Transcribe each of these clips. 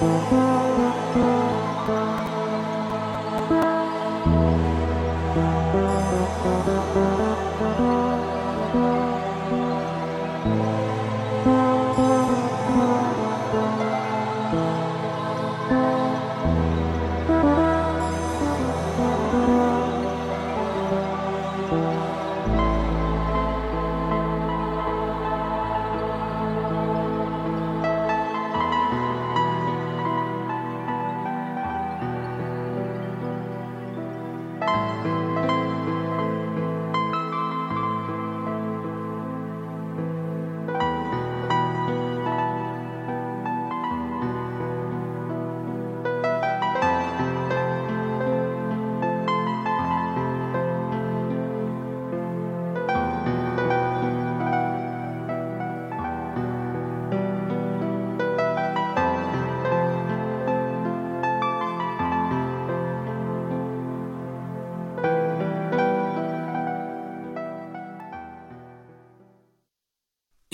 Música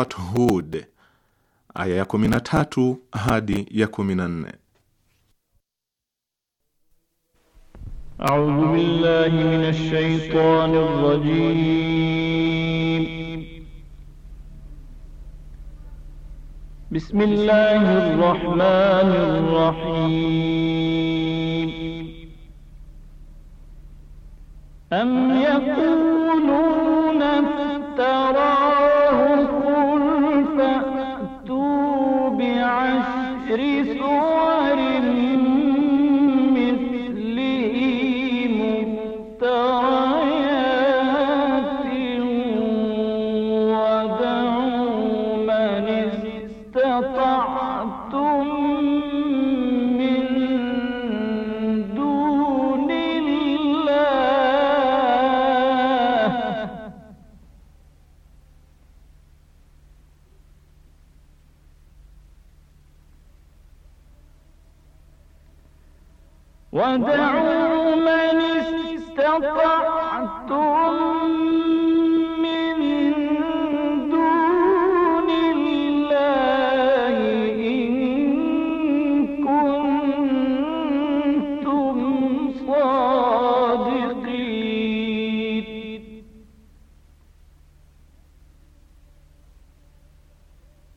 Surat Hud aya ya 13 hadi ya 14. A'udhu billahi minash shaitanir rajim. Bismillahir rahmanir rahim. Am yakuluna tara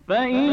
فإن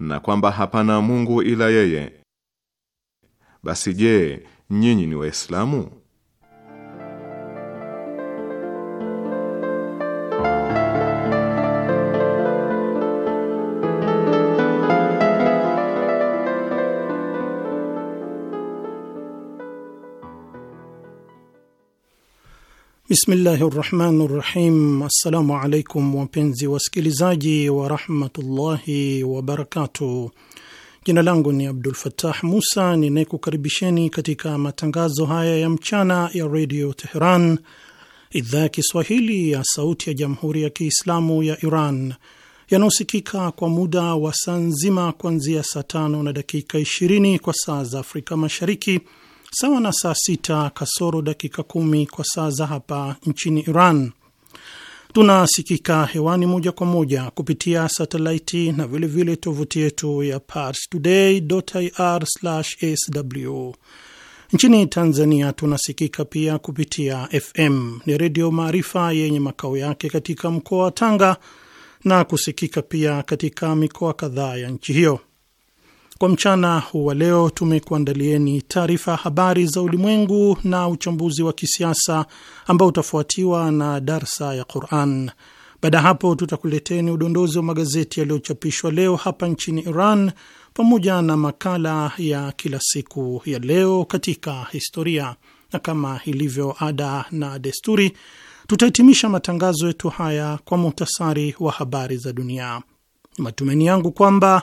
na kwamba hapana Mungu ila yeye. Basi je, nyinyi ni Waislamu? Bismillahi rahmani rahim. Assalamu alaikum wapenzi wasikilizaji warahmatullahi wabarakatuh. Jina langu ni Abdul fatah Musa ninayekukaribisheni katika matangazo haya ya mchana ya redio Teheran, idhaa ya Kiswahili ya sauti ya jamhuri ya Kiislamu ya Iran yanayosikika kwa muda wa saa nzima kuanzia saa tano na dakika 20 kwa saa za Afrika Mashariki, sawa na saa sita kasoro dakika kumi kwa saa za hapa nchini Iran. Tunasikika hewani moja kwa moja kupitia satelaiti na vilevile tovuti yetu ya ir sw Nchini Tanzania tunasikika pia kupitia FM ni Redio Maarifa yenye makao yake katika mkoa wa Tanga na kusikika pia katika mikoa kadhaa ya nchi hiyo. Kwa mchana wa leo tumekuandalieni taarifa ya habari za ulimwengu na uchambuzi wa kisiasa ambao utafuatiwa na darsa ya Quran. Baada ya hapo, tutakuleteni udondozi wa magazeti yaliyochapishwa leo hapa nchini Iran pamoja na makala ya kila siku ya leo katika historia, na kama ilivyo ada na desturi, tutahitimisha matangazo yetu haya kwa muhtasari wa habari za dunia. Matumaini yangu kwamba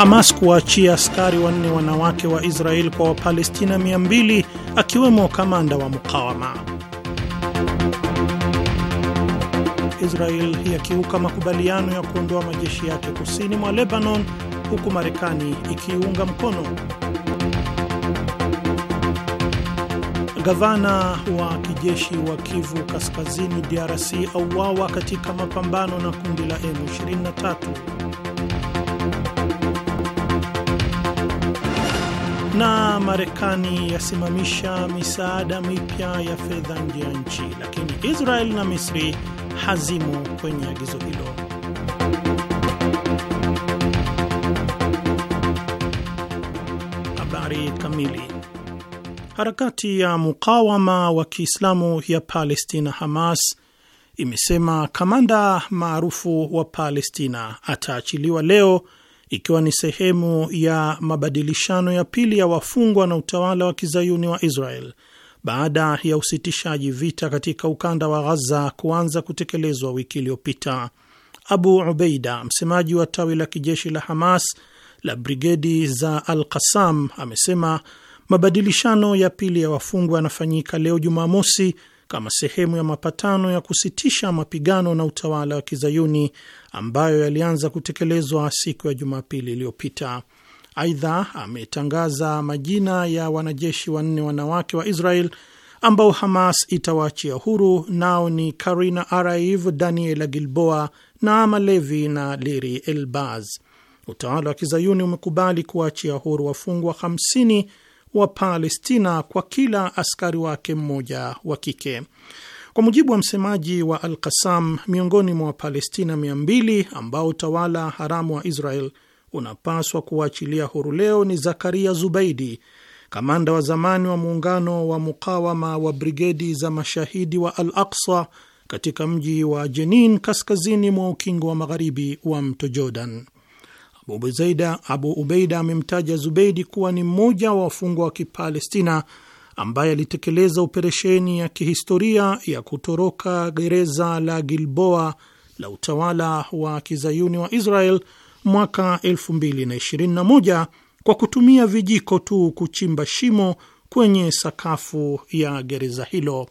Hamas kuwaachia askari wanne wanawake wa israel kwa Wapalestina 200 akiwemo kamanda wa mukawama. Israel yakiuka makubaliano ya kuondoa majeshi yake kusini mwa Lebanon, huku Marekani ikiunga mkono. Gavana wa kijeshi wa Kivu Kaskazini, DRC, auawa katika mapambano na kundi la M23. na Marekani yasimamisha misaada mipya ya fedha nje ya nchi, lakini Israel na Misri hazimu kwenye agizo hilo. Habari kamili. Harakati ya mukawama wa Kiislamu ya Palestina, Hamas, imesema kamanda maarufu wa Palestina ataachiliwa leo ikiwa ni sehemu ya mabadilishano ya pili ya wafungwa na utawala wa kizayuni wa Israel baada ya usitishaji vita katika ukanda wa Ghaza kuanza kutekelezwa wiki iliyopita. Abu Ubeida, msemaji wa tawi la kijeshi la Hamas la brigedi za Al kasam amesema mabadilishano ya pili ya wafungwa yanafanyika leo Jumamosi kama sehemu ya mapatano ya kusitisha mapigano na utawala wa kizayuni ambayo yalianza kutekelezwa siku ya Jumapili iliyopita. Aidha, ametangaza majina ya wanajeshi wanne wanawake wa Israel ambao Hamas itawaachia huru, nao ni Karina Araiv, Daniela Gilboa, Naama Levi na Liri Elbaz. Utawala wa kizayuni umekubali kuwaachia huru wafungwa 50 wa Palestina kwa kila askari wake mmoja wa kike. Kwa mujibu wa msemaji wa Al Kasam, miongoni mwa Wapalestina mia ambao utawala haramu wa Israel unapaswa kuwaachilia huru leo ni Zakaria Zubaidi, kamanda wa zamani wa muungano wa mukawama wa brigedi za mashahidi wa Al Aksa katika mji wa Jenin, kaskazini mwa ukingo wa magharibi wa mto Jordan. Mubuzaida Abu Ubeida amemtaja Zubeidi kuwa ni mmoja wa wafungwa wa Kipalestina ambaye alitekeleza operesheni ya kihistoria ya kutoroka gereza la Gilboa la utawala wa kizayuni wa Israel mwaka 2021 kwa kutumia vijiko tu kuchimba shimo kwenye sakafu ya gereza hilo.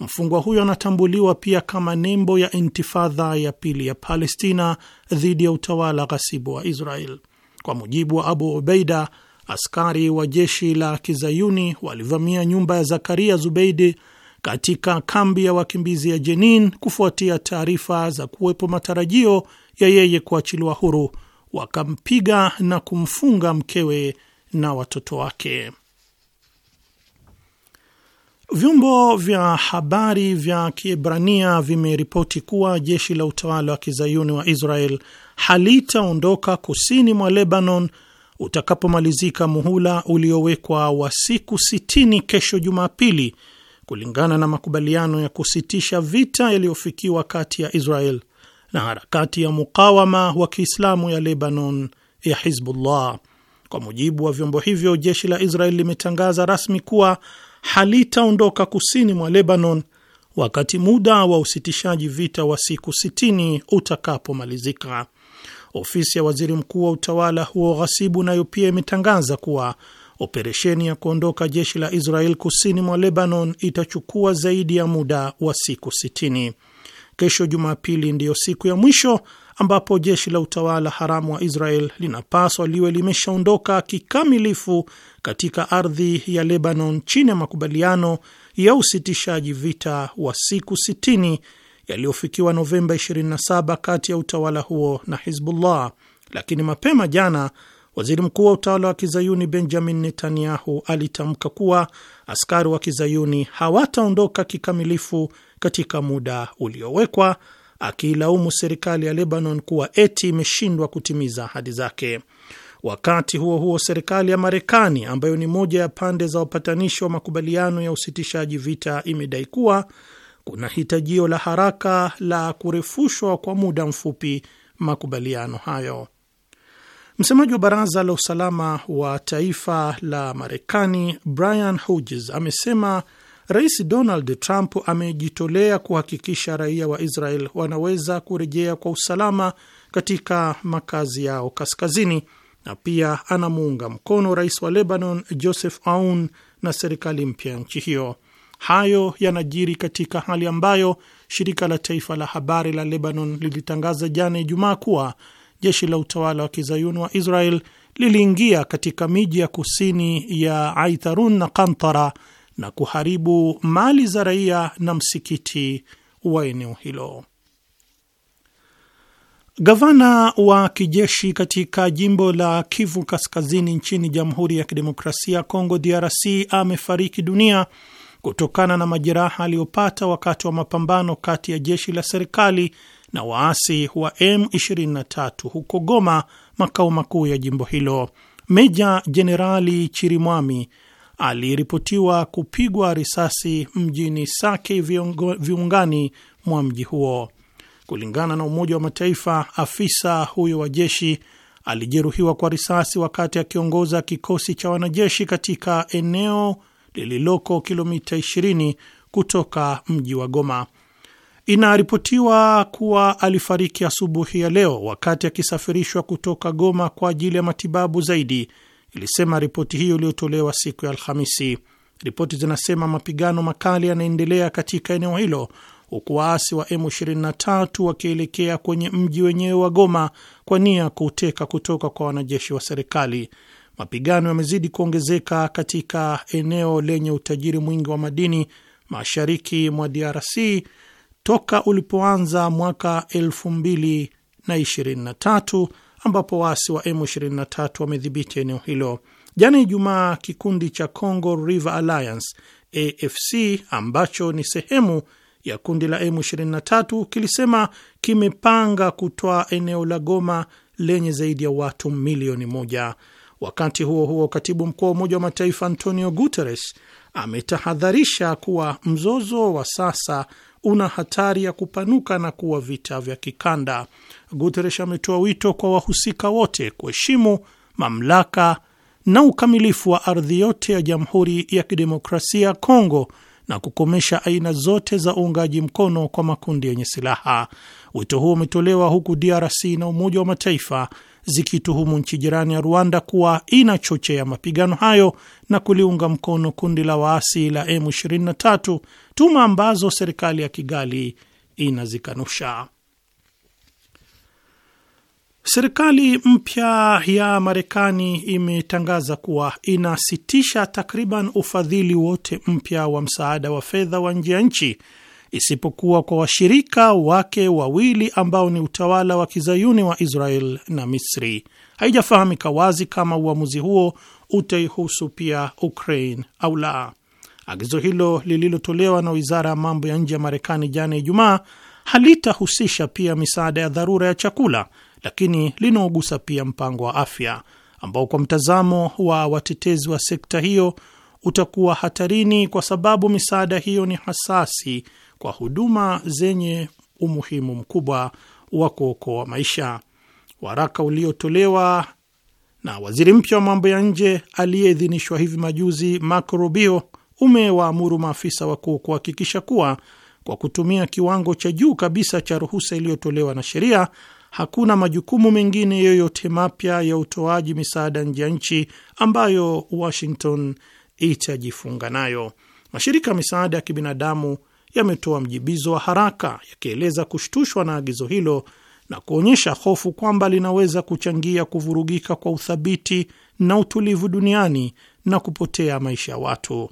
Mfungwa huyo anatambuliwa pia kama nembo ya intifadha ya pili ya Palestina dhidi ya utawala ghasibu wa Israel. Kwa mujibu wa Abu Ubeida, askari wa jeshi la kizayuni walivamia nyumba ya Zakaria Zubeidi katika kambi ya wakimbizi ya Jenin kufuatia taarifa za kuwepo matarajio ya yeye kuachiliwa huru, wakampiga na kumfunga mkewe na watoto wake. Vyombo vya habari vya Kiebrania vimeripoti kuwa jeshi la utawala wa kizayuni wa Israel halitaondoka kusini mwa Lebanon utakapomalizika muhula uliowekwa wa siku 60 kesho Jumapili, kulingana na makubaliano ya kusitisha vita yaliyofikiwa kati ya Israel na harakati ya mukawama wa Kiislamu ya Lebanon ya Hizbullah. Kwa mujibu wa vyombo hivyo, jeshi la Israel limetangaza rasmi kuwa halitaondoka kusini mwa Lebanon wakati muda wa usitishaji vita wa siku 60 utakapomalizika. Ofisi ya waziri mkuu wa utawala huo ghasibu nayo pia imetangaza kuwa operesheni ya kuondoka jeshi la Israel kusini mwa Lebanon itachukua zaidi ya muda wa siku 60. Kesho Jumapili ndiyo siku ya mwisho ambapo jeshi la utawala haramu wa Israel linapaswa liwe limeshaondoka kikamilifu katika ardhi ya Lebanon chini ya makubaliano ya usitishaji vita wa siku 60 yaliyofikiwa Novemba 27 kati ya utawala huo na Hizbullah. Lakini mapema jana waziri mkuu wa utawala wa kizayuni Benjamin Netanyahu alitamka kuwa askari wa kizayuni hawataondoka kikamilifu katika muda uliowekwa akiilaumu serikali ya Lebanon kuwa eti imeshindwa kutimiza ahadi zake. Wakati huo huo, serikali ya Marekani ambayo ni moja ya pande za upatanishi wa makubaliano ya usitishaji vita imedai kuwa kuna hitajio la haraka la kurefushwa kwa muda mfupi makubaliano hayo. Msemaji wa baraza la usalama wa taifa la Marekani Brian Hodges amesema Rais Donald Trump amejitolea kuhakikisha raia wa Israel wanaweza kurejea kwa usalama katika makazi yao kaskazini, na pia anamuunga mkono rais wa Lebanon Joseph Aoun na serikali mpya ya nchi hiyo. Hayo yanajiri katika hali ambayo shirika la taifa la habari la Lebanon lilitangaza jana Ijumaa kuwa jeshi la utawala wa kizayuni wa Israel liliingia katika miji ya kusini ya Aitharun na Kantara na kuharibu mali za raia na msikiti wa eneo hilo. Gavana wa kijeshi katika jimbo la Kivu Kaskazini nchini Jamhuri ya Kidemokrasia ya Kongo, DRC, amefariki dunia kutokana na majeraha aliyopata wakati wa mapambano kati ya jeshi la serikali na waasi wa M23 huko Goma, makao makuu ya jimbo hilo. Meja Jenerali Chirimwami aliripotiwa kupigwa risasi mjini Sake, viungani mwa mji huo. Kulingana na Umoja wa Mataifa, afisa huyo wa jeshi alijeruhiwa kwa risasi wakati akiongoza kikosi cha wanajeshi katika eneo lililoko kilomita 20 kutoka mji wa Goma. Inaripotiwa kuwa alifariki asubuhi ya leo wakati akisafirishwa kutoka Goma kwa ajili ya matibabu zaidi ilisema ripoti hiyo iliyotolewa siku ya Alhamisi. Ripoti zinasema mapigano makali yanaendelea katika eneo hilo huku waasi wa M23 wakielekea kwenye mji wenyewe wa Goma kwa nia ya kuuteka kutoka kwa wanajeshi wa serikali. Mapigano yamezidi kuongezeka katika eneo lenye utajiri mwingi wa madini mashariki mwa DRC toka ulipoanza mwaka 2023 ambapo waasi wa M23 wamedhibiti eneo hilo. Jana Ijumaa, kikundi cha Congo River Alliance AFC ambacho ni sehemu ya kundi la M23 kilisema kimepanga kutoa eneo la Goma lenye zaidi ya watu milioni moja. Wakati huo huo, katibu mkuu wa Umoja wa Mataifa Antonio Guterres ametahadharisha kuwa mzozo wa sasa una hatari ya kupanuka na kuwa vita vya kikanda. Guterres ametoa wito kwa wahusika wote kuheshimu mamlaka na ukamilifu wa ardhi yote ya Jamhuri ya Kidemokrasia ya Kongo na kukomesha aina zote za uungaji mkono kwa makundi yenye silaha. Wito huo umetolewa huku DRC na Umoja wa Mataifa zikituhumu nchi jirani ya Rwanda kuwa inachochea mapigano hayo na kuliunga mkono kundi la waasi la M23, tuma ambazo serikali ya Kigali inazikanusha. Serikali mpya ya Marekani imetangaza kuwa inasitisha takriban ufadhili wote mpya wa msaada wa fedha wa nje ya nchi isipokuwa kwa washirika wake wawili ambao ni utawala wa kizayuni wa Israel na Misri. Haijafahamika wazi kama uamuzi huo utaihusu pia Ukraine au la. Agizo hilo lililotolewa na wizara ya mambo ya nje ya Marekani jana Ijumaa halitahusisha pia misaada ya dharura ya chakula lakini linaogusa pia mpango wa afya ambao kwa mtazamo wa watetezi wa sekta hiyo utakuwa hatarini kwa sababu misaada hiyo ni hasasi kwa huduma zenye umuhimu mkubwa wa kuokoa maisha. Waraka uliotolewa na waziri mpya wa mambo ya nje aliyeidhinishwa hivi majuzi Marco Rubio umewaamuru maafisa wakuu kuhakikisha kuwa kwa kutumia kiwango cha juu kabisa cha ruhusa iliyotolewa na sheria hakuna majukumu mengine yoyote mapya ya utoaji misaada nje ya nchi ambayo Washington itajifunga nayo. Mashirika ya misaada ya kibinadamu yametoa mjibizo wa haraka yakieleza kushtushwa na agizo hilo na kuonyesha hofu kwamba linaweza kuchangia kuvurugika kwa uthabiti na utulivu duniani na kupotea maisha ya watu.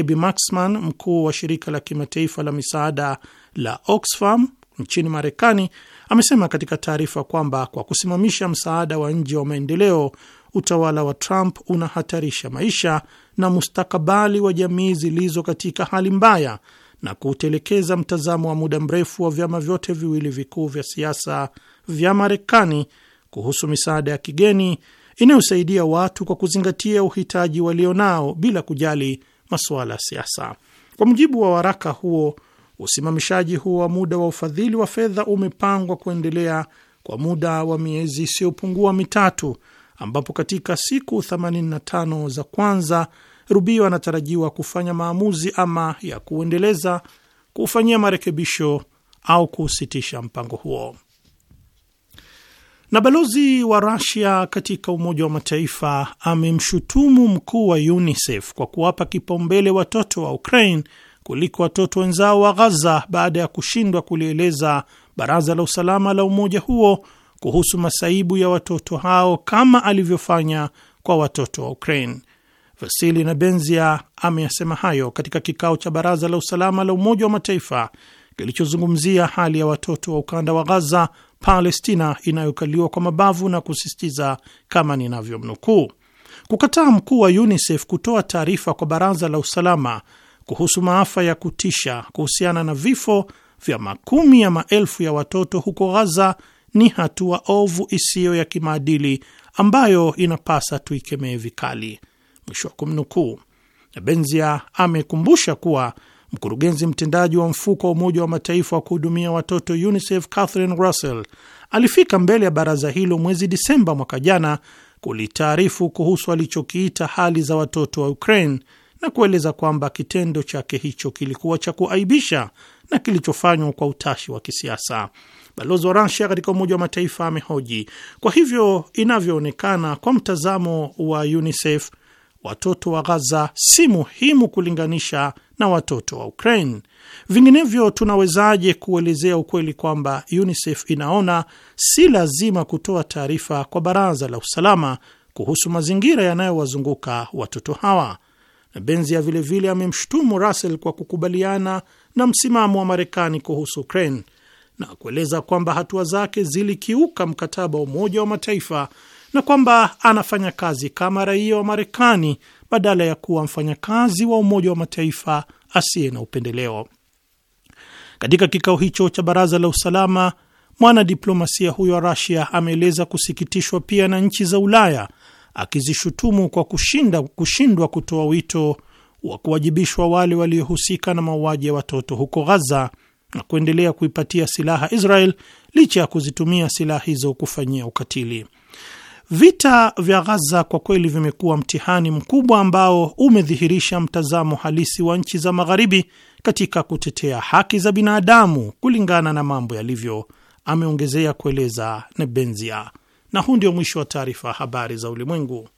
Abi Maxman, mkuu wa shirika la kimataifa la misaada la Oxfam nchini Marekani, amesema katika taarifa kwamba kwa kusimamisha msaada wa nje wa maendeleo, utawala wa Trump unahatarisha maisha na mustakabali wa jamii zilizo katika hali mbaya na kuutelekeza mtazamo wa muda mrefu wa vyama vyote viwili vikuu vya siasa vya Marekani kuhusu misaada ya kigeni inayosaidia watu kwa kuzingatia uhitaji walionao bila kujali masuala ya siasa. Kwa mujibu wa waraka huo Usimamishaji huu wa muda wa ufadhili wa fedha umepangwa kuendelea kwa muda wa miezi isiyopungua mitatu, ambapo katika siku 85 za kwanza Rubio anatarajiwa kufanya maamuzi ama ya kuendeleza, kufanyia marekebisho au kuusitisha mpango huo. Na balozi wa rasia katika Umoja wa Mataifa amemshutumu mkuu wa UNICEF kwa kuwapa kipaumbele watoto wa Ukraine kuliko watoto wenzao wa Ghaza baada ya kushindwa kulieleza Baraza la Usalama la umoja huo kuhusu masaibu ya watoto hao kama alivyofanya kwa watoto wa Ukraine. Vasili na Benzia ameyasema hayo katika kikao cha Baraza la Usalama la Umoja wa Mataifa kilichozungumzia hali ya watoto wa ukanda wa Ghaza, Palestina inayokaliwa kwa mabavu na kusisitiza kama ninavyomnukuu: kukataa mkuu wa UNICEF kutoa taarifa kwa Baraza la Usalama kuhusu maafa ya kutisha kuhusiana na vifo vya makumi ya maelfu ya watoto huko Ghaza ni hatua ovu isiyo ya kimaadili ambayo inapasa tuikemee vikali. Mwisho wa kumnukuu. Benzia amekumbusha kuwa mkurugenzi mtendaji wa mfuko wa Umoja wa Mataifa wa kuhudumia watoto UNICEF Catherine Russell alifika mbele ya baraza hilo mwezi Disemba mwaka jana kulitaarifu kuhusu alichokiita hali za watoto wa Ukraine na kueleza kwamba kitendo chake hicho kilikuwa cha kuaibisha na kilichofanywa kwa utashi wa kisiasa. Balozi wa Rasia katika Umoja wa Mataifa amehoji, kwa hivyo inavyoonekana, kwa mtazamo wa UNICEF watoto wa Gaza si muhimu kulinganisha na watoto wa Ukraine. Vinginevyo, tunawezaje kuelezea ukweli kwamba UNICEF inaona si lazima kutoa taarifa kwa Baraza la Usalama kuhusu mazingira yanayowazunguka watoto hawa? na Benzia vilevile amemshutumu Russell kwa kukubaliana na msimamo wa Marekani kuhusu Ukraine na kueleza kwamba hatua zake zilikiuka mkataba wa Umoja wa Mataifa na kwamba anafanya kazi kama raia wa Marekani badala ya kuwa mfanyakazi wa Umoja wa Mataifa asiye na upendeleo. Katika kikao hicho cha Baraza la Usalama, mwanadiplomasia huyo wa Russia ameeleza kusikitishwa pia na nchi za Ulaya akizishutumu kwa kushinda kushindwa kutoa wito wa kuwajibishwa wale waliohusika na mauaji ya watoto huko Ghaza na kuendelea kuipatia silaha Israel licha ya kuzitumia silaha hizo kufanyia ukatili. Vita vya Ghaza kwa kweli vimekuwa mtihani mkubwa ambao umedhihirisha mtazamo halisi wa nchi za Magharibi katika kutetea haki za binadamu kulingana na mambo yalivyo, ameongezea kueleza Nebenzia. Na huu ndio mwisho wa taarifa habari za ulimwengu.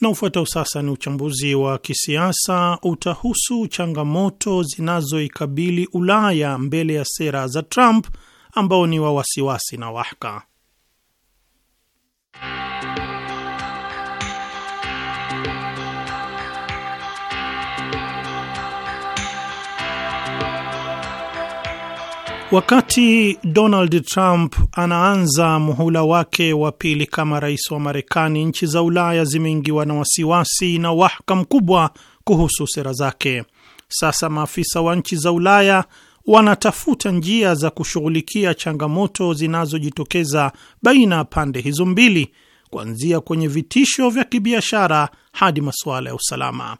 Na ufuatao sasa ni uchambuzi wa kisiasa utahusu changamoto zinazoikabili Ulaya mbele ya sera za Trump ambao ni wa wasiwasi na wahaka. Wakati Donald Trump anaanza muhula wake wa pili kama rais wa Marekani, nchi za Ulaya zimeingiwa na wasiwasi na wahaka mkubwa kuhusu sera zake. Sasa maafisa wa nchi za Ulaya wanatafuta njia za kushughulikia changamoto zinazojitokeza baina ya pande hizo mbili, kuanzia kwenye vitisho vya kibiashara hadi masuala ya usalama.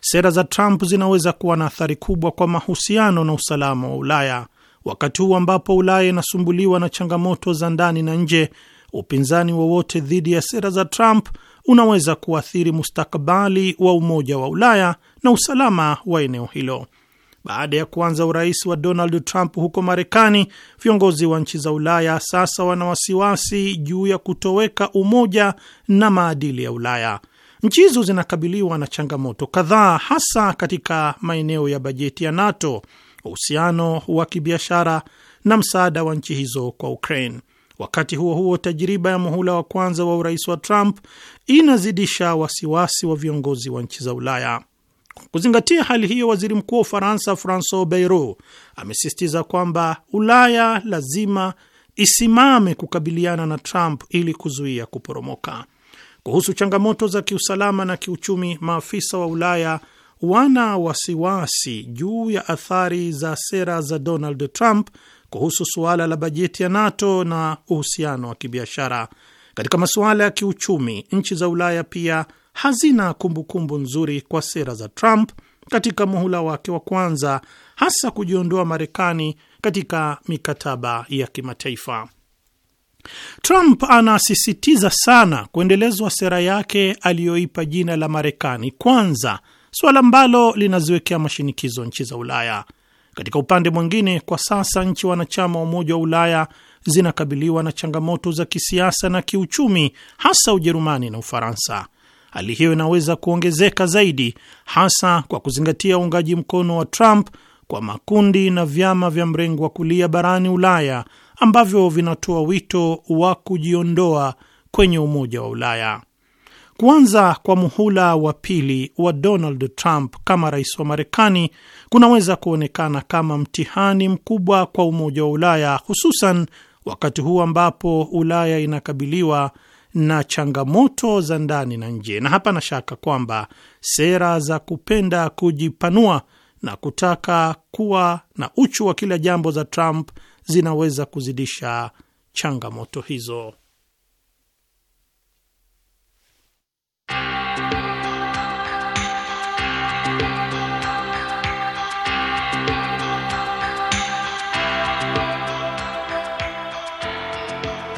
Sera za Trump zinaweza kuwa na athari kubwa kwa mahusiano na usalama wa Ulaya. Wakati huu ambapo Ulaya inasumbuliwa na changamoto za ndani na nje, upinzani wowote dhidi ya sera za Trump unaweza kuathiri mustakabali wa Umoja wa Ulaya na usalama wa eneo hilo. Baada ya kuanza urais wa Donald Trump huko Marekani, viongozi wa nchi za Ulaya sasa wana wasiwasi juu ya kutoweka umoja na maadili ya Ulaya. Nchi hizo zinakabiliwa na changamoto kadhaa, hasa katika maeneo ya bajeti ya NATO uhusiano wa kibiashara na msaada wa nchi hizo kwa Ukraine. Wakati huo huo, tajriba ya muhula wa kwanza wa urais wa Trump inazidisha wasiwasi wa viongozi wa nchi za Ulaya. Kuzingatia hali hiyo, waziri mkuu wa Ufaransa Francois Bayrou amesisitiza kwamba Ulaya lazima isimame kukabiliana na Trump ili kuzuia kuporomoka. Kuhusu changamoto za kiusalama na kiuchumi, maafisa wa Ulaya wana wasiwasi juu ya athari za sera za Donald Trump kuhusu suala la bajeti ya NATO na uhusiano wa kibiashara. Katika masuala ya kiuchumi, nchi za Ulaya pia hazina kumbukumbu -kumbu nzuri kwa sera za Trump katika muhula wake wa kwanza, hasa kujiondoa Marekani katika mikataba ya kimataifa. Trump anasisitiza sana kuendelezwa sera yake aliyoipa jina la Marekani kwanza suala ambalo linaziwekea mashinikizo nchi za Ulaya. Katika upande mwingine, kwa sasa nchi wanachama wa Umoja wa Ulaya zinakabiliwa na changamoto za kisiasa na kiuchumi, hasa Ujerumani na Ufaransa. Hali hiyo inaweza kuongezeka zaidi, hasa kwa kuzingatia uungaji mkono wa Trump kwa makundi na vyama vya mrengo wa kulia barani Ulaya ambavyo vinatoa wito wa kujiondoa kwenye Umoja wa Ulaya kwanza kwa muhula wa pili wa Donald Trump kama rais wa Marekani kunaweza kuonekana kama mtihani mkubwa kwa Umoja wa Ulaya, hususan wakati huu ambapo Ulaya inakabiliwa na changamoto za ndani na nje, na hapana shaka kwamba sera za kupenda kujipanua na kutaka kuwa na uchu wa kila jambo za Trump zinaweza kuzidisha changamoto hizo.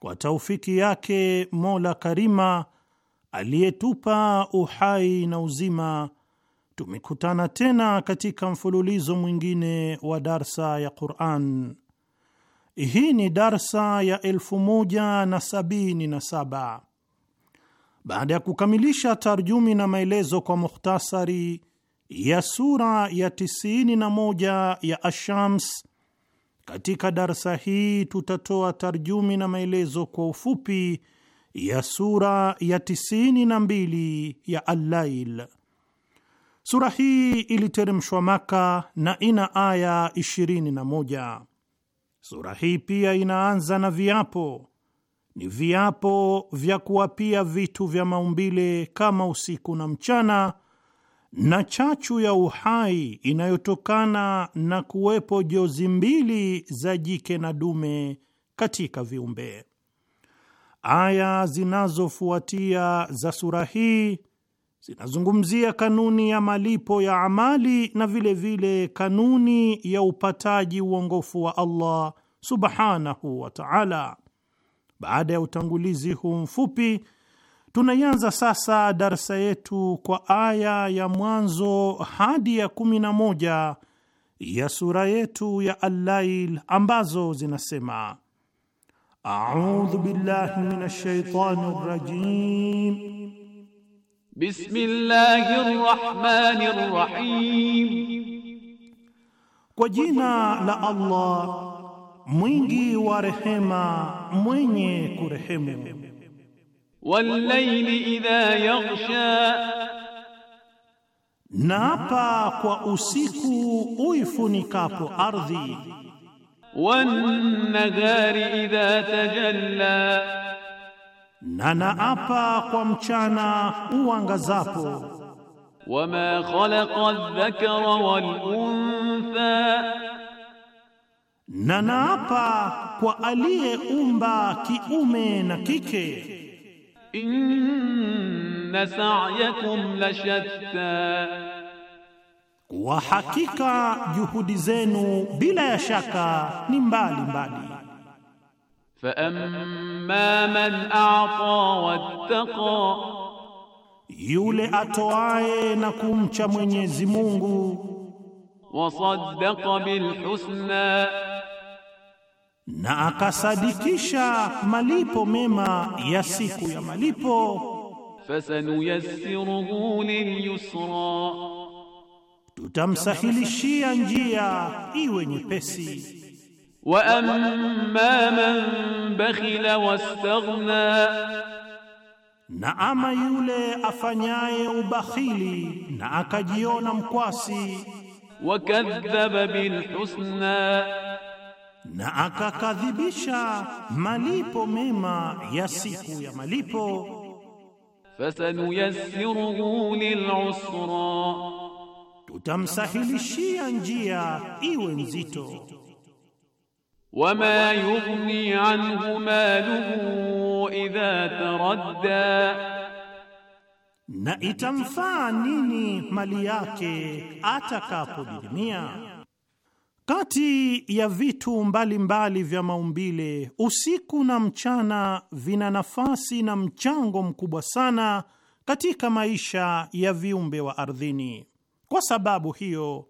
kwa taufiki yake Mola Karima aliyetupa uhai na uzima, tumekutana tena katika mfululizo mwingine wa darsa ya Quran. Hii ni darsa ya elfu moja na sabini na saba baada ya kukamilisha tarjumi na maelezo kwa mukhtasari ya sura ya 91 ya Ashams katika darsa hii tutatoa tarjumi na maelezo kwa ufupi ya sura ya 92 ya Al-Lail. Sura hii iliteremshwa Maka na ina aya moja. Sura hii pia inaanza na viapo. Ni viapo vya kuapia vitu vya maumbile kama usiku na mchana na chachu ya uhai inayotokana na kuwepo jozi mbili za jike na dume katika viumbe. Aya zinazofuatia za sura hii zinazungumzia kanuni ya malipo ya amali na vilevile vile kanuni ya upataji uongofu wa Allah subhanahu wa ta'ala. Baada ya utangulizi huu mfupi Tunaianza sasa darsa yetu kwa aya ya mwanzo hadi ya kumi na moja ya sura yetu ya allail ambazo zinasema: A'udhu billahi minash rahim. Kwa jina la Allah mwingi wa rehema mwenye kurehemu. Wallaili idha yaghsha, naapa kwa usiku uifunikapo ardhi. Wannahari idha tajalla, na naapa kwa mchana uangazapo. Wama khalaqa dhakara wal untha, na naapa kwa aliyeumba kiume na kike inna sa'yakum lashatta, kwa hakika juhudi zenu bila ya shaka ni mbali mbali. Fa amma man a'ta wattaqa, yule atoaye na kumcha Mwenyezi Mungu. Wa saddaqa bil husna na akasadikisha malipo mema ya siku ya malipo, fasanuyassiruhu lilyusra, tutamsahilishia njia iwe nyepesi. Wa amma man bakhila wastaghna, na ama yule afanyaye ubakhili na akajiona mkwasi. Wakadhaba bilhusna na akakadhibisha malipo mema ya siku ya malipo. Fasanuyassiruhu lilusra, tutamsahilishia njia iwe nzito. Wama yughni anhu maluhu idha taradda, na itamfaa nini mali yake atakapodidimia. Kati ya vitu mbalimbali mbali vya maumbile, usiku na mchana vina nafasi na mchango mkubwa sana katika maisha ya viumbe wa ardhini. Kwa sababu hiyo,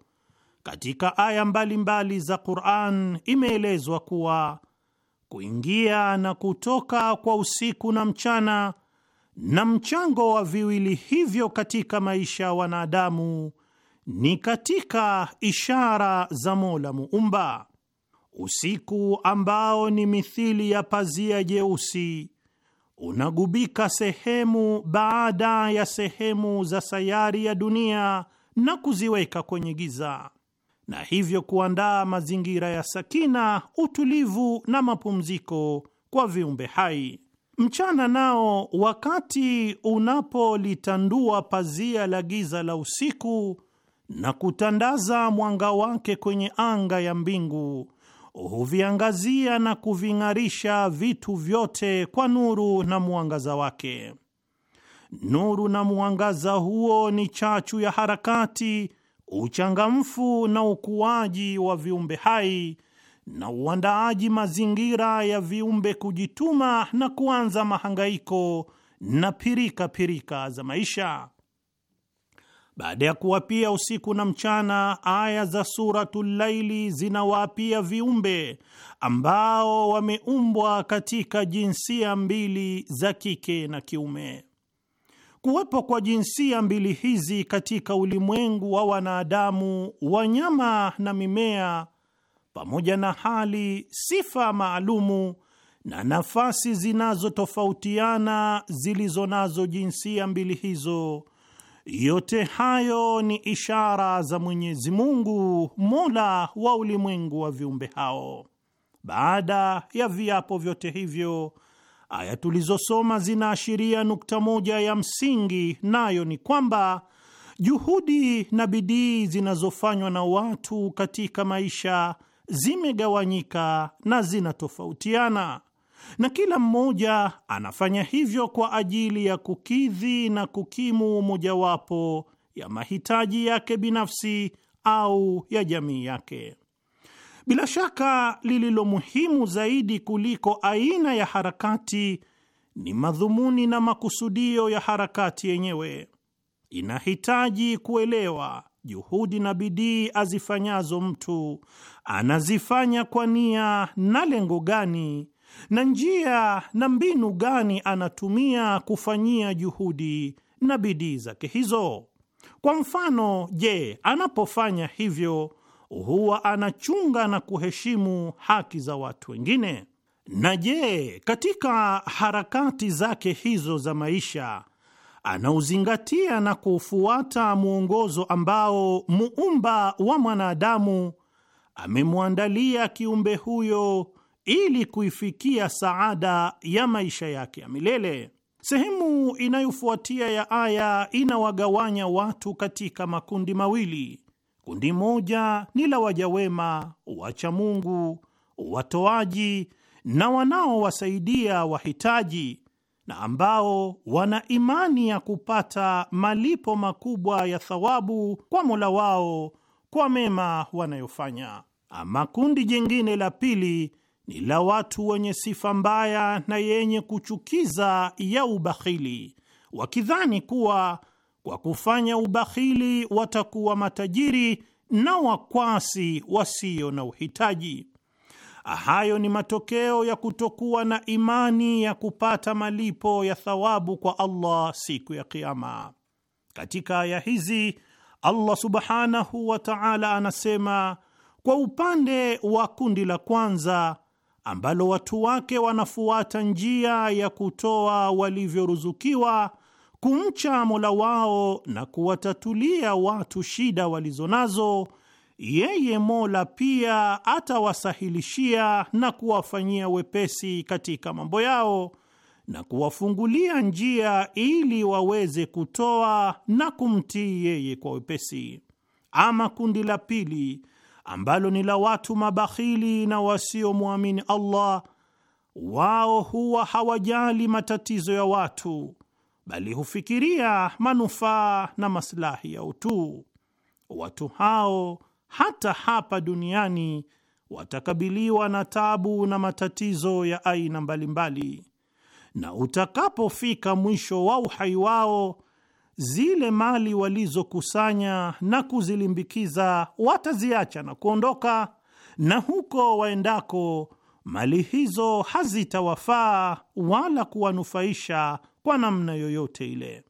katika aya mbalimbali mbali za Qur'an imeelezwa kuwa kuingia na kutoka kwa usiku na mchana na mchango wa viwili hivyo katika maisha ya wanadamu ni katika ishara za Mola Muumba. Usiku ambao ni mithili ya pazia jeusi unagubika sehemu baada ya sehemu za sayari ya dunia na kuziweka kwenye giza, na hivyo kuandaa mazingira ya sakina, utulivu na mapumziko kwa viumbe hai. Mchana nao, wakati unapolitandua pazia la giza la usiku na kutandaza mwanga wake kwenye anga ya mbingu, huviangazia na kuving'arisha vitu vyote kwa nuru na mwangaza wake. Nuru na mwangaza huo ni chachu ya harakati, uchangamfu na ukuaji wa viumbe hai na uandaaji mazingira ya viumbe kujituma na kuanza mahangaiko na pirika pirika za maisha. Baada ya kuwapia usiku na mchana, aya za Suratul Laili zinawaapia viumbe ambao wameumbwa katika jinsia mbili za kike na kiume. Kuwepo kwa jinsia mbili hizi katika ulimwengu wa wanadamu, wanyama na mimea, pamoja na hali, sifa maalumu na nafasi zinazotofautiana zilizo nazo jinsia mbili hizo yote hayo ni ishara za Mwenyezi Mungu, mola wa ulimwengu wa viumbe hao. Baada ya viapo vyote hivyo, aya tulizosoma zinaashiria nukta moja ya msingi, nayo ni kwamba juhudi na bidii zinazofanywa na watu katika maisha zimegawanyika na zinatofautiana na kila mmoja anafanya hivyo kwa ajili ya kukidhi na kukimu mojawapo ya mahitaji yake binafsi au ya jamii yake. Bila shaka lililo muhimu zaidi kuliko aina ya harakati ni madhumuni na makusudio ya harakati yenyewe. Inahitaji kuelewa juhudi na bidii azifanyazo mtu anazifanya kwa nia na lengo gani, na njia na mbinu gani anatumia kufanyia juhudi na bidii zake hizo? Kwa mfano, je, anapofanya hivyo huwa anachunga na kuheshimu haki za watu wengine? Na je, katika harakati zake hizo za maisha anauzingatia na kuufuata mwongozo ambao muumba wa mwanadamu amemwandalia kiumbe huyo ili kuifikia saada ya maisha yake ya milele. Sehemu inayofuatia ya aya inawagawanya watu katika makundi mawili. Kundi moja ni la wajawema wacha Mungu, watoaji na wanaowasaidia wahitaji, na ambao wana imani ya kupata malipo makubwa ya thawabu kwa Mola wao kwa mema wanayofanya. Ama kundi jingine la pili ni la watu wenye sifa mbaya na yenye kuchukiza ya ubakhili, wakidhani kuwa kwa kufanya ubakhili watakuwa matajiri na wakwasi wasio na uhitaji. Hayo ni matokeo ya kutokuwa na imani ya kupata malipo ya thawabu kwa Allah siku ya kiama Katika aya hizi Allah subhanahu wa ta'ala anasema kwa upande wa kundi la kwanza ambalo watu wake wanafuata njia ya kutoa walivyoruzukiwa, kumcha Mola wao na kuwatatulia watu shida walizo nazo, yeye Mola pia atawasahilishia na kuwafanyia wepesi katika mambo yao na kuwafungulia njia ili waweze kutoa na kumtii yeye kwa wepesi. Ama kundi la pili ambalo ni la watu mabakhili na wasiomwamini Allah. Wao huwa hawajali matatizo ya watu, bali hufikiria manufaa na maslahi ya utu Watu hao hata hapa duniani watakabiliwa na tabu na matatizo ya aina mbalimbali, na utakapofika mwisho wa uhai wao zile mali walizokusanya na kuzilimbikiza wataziacha na kuondoka, na huko waendako mali hizo hazitawafaa wala kuwanufaisha kwa namna yoyote ile.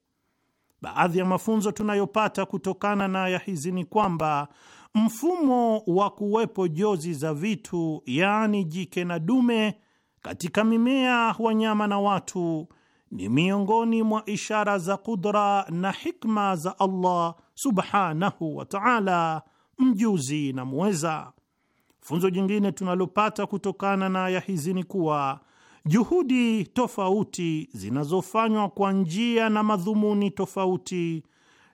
Baadhi ya mafunzo tunayopata kutokana na aya hizi ni kwamba mfumo wa kuwepo jozi za vitu, yaani jike na dume, katika mimea, wanyama na watu ni miongoni mwa ishara za kudra na hikma za Allah subhanahu wa ta'ala, mjuzi na mweza Funzo jingine tunalopata kutokana na aya hizi ni kuwa juhudi tofauti zinazofanywa kwa njia na madhumuni tofauti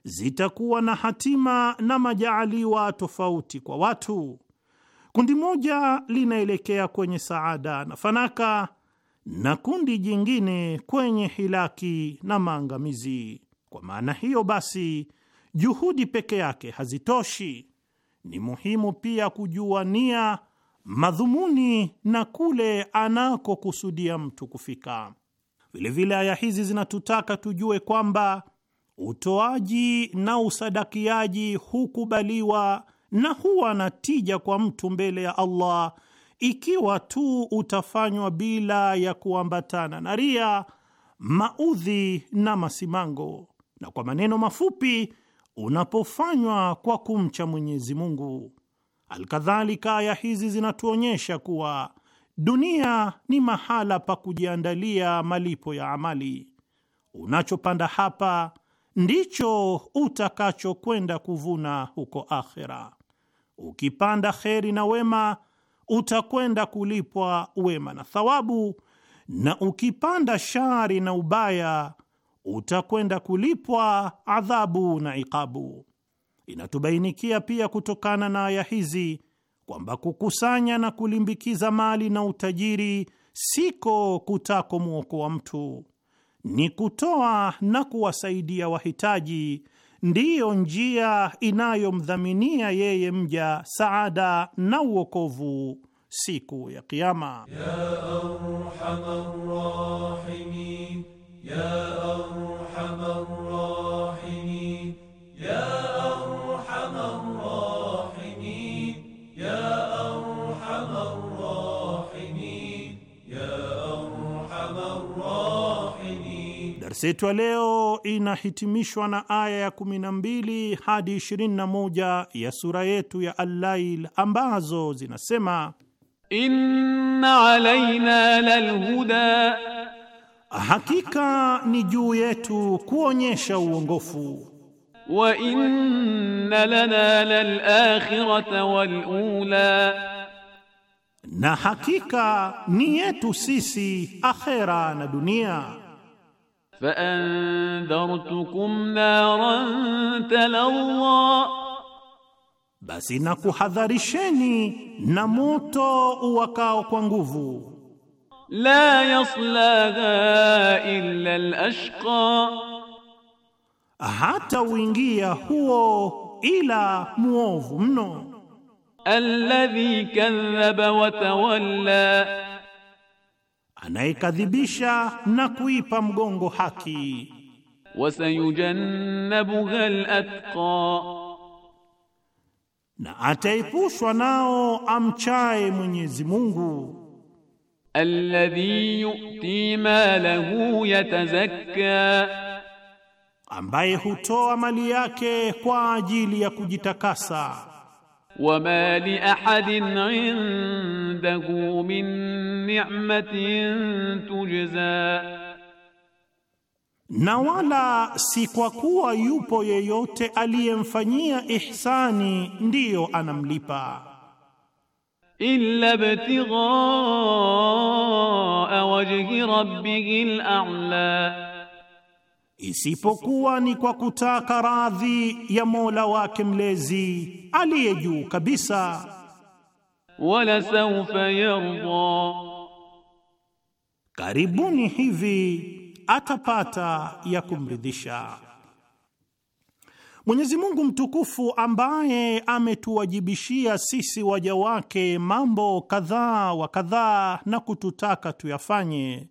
zitakuwa na hatima na majaaliwa tofauti kwa watu. Kundi moja linaelekea kwenye saada na fanaka na kundi jingine kwenye hilaki na maangamizi. Kwa maana hiyo basi, juhudi peke yake hazitoshi. Ni muhimu pia kujua nia, madhumuni na kule anakokusudia mtu kufika. Vilevile aya hizi zinatutaka tujue kwamba utoaji na usadakiaji hukubaliwa na huwa na tija kwa mtu mbele ya Allah ikiwa tu utafanywa bila ya kuambatana na ria, maudhi na masimango, na kwa maneno mafupi, unapofanywa kwa kumcha Mwenyezi Mungu. Alkadhalika, aya hizi zinatuonyesha kuwa dunia ni mahala pa kujiandalia malipo ya amali. Unachopanda hapa ndicho utakachokwenda kuvuna huko akhera. Ukipanda kheri na wema utakwenda kulipwa wema na thawabu, na ukipanda shari na ubaya utakwenda kulipwa adhabu na iqabu Inatubainikia pia kutokana na aya hizi kwamba kukusanya na kulimbikiza mali na utajiri siko kutako wa mtu, ni kutoa na kuwasaidia wahitaji ndiyo njia inayomdhaminia yeye mja saada na uokovu siku ya Kiama. ya yetu ya leo inahitimishwa na aya ya 12 hadi 21 ya sura yetu ya Al-Lail ambazo zinasema inna alaina lalhuda, hakika ni juu yetu kuonyesha uongofu. Wa inna lana lalakhirata walula, na hakika ni yetu sisi akhera na dunia فأنذرتكم نارا تلظى basi nakuhadharisheni na moto uwakao kwa nguvu la yaslaha illa alashqa hata uingia huo ila muovu mno alladhi kadhaba wa tawalla anayekadhibisha na kuipa mgongo haki. Wasayujannabuha alatqa, na ataepushwa nao amchaye Mwenyezi Mungu. Alladhi yu'ti lahu yatazakka, ambaye hutoa mali yake kwa ajili ya kujitakasa. وما لأحد عنده من نعمة تجزى na wala si kwa kuwa yupo yeyote aliyemfanyia ihsani ndiyo anamlipa illa btighaa wajhi rabbihil a'la isipokuwa ni kwa kutaka radhi ya Mola wake mlezi aliye juu kabisa. Wala sawfa yarda, karibuni hivi atapata ya kumridhisha. Mwenyezi Mungu mtukufu ambaye ametuwajibishia sisi waja wake mambo kadhaa wa kadhaa na kututaka tuyafanye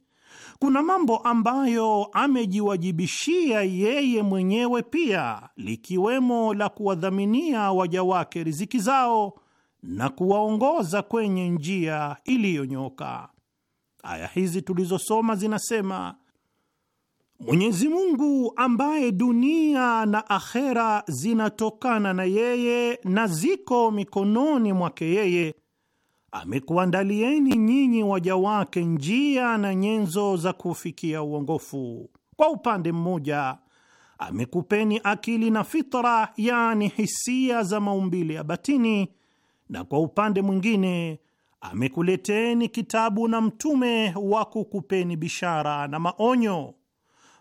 kuna mambo ambayo amejiwajibishia yeye mwenyewe pia, likiwemo la kuwadhaminia waja wake riziki zao na kuwaongoza kwenye njia iliyonyoka. Aya hizi tulizosoma zinasema Mwenyezi Mungu ambaye dunia na akhera zinatokana na yeye na ziko mikononi mwake yeye amekuandalieni nyinyi waja wake njia na nyenzo za kufikia uongofu. Kwa upande mmoja, amekupeni akili na fitra, yani hisia za maumbile ya batini, na kwa upande mwingine amekuleteni kitabu na mtume wa kukupeni bishara na maonyo.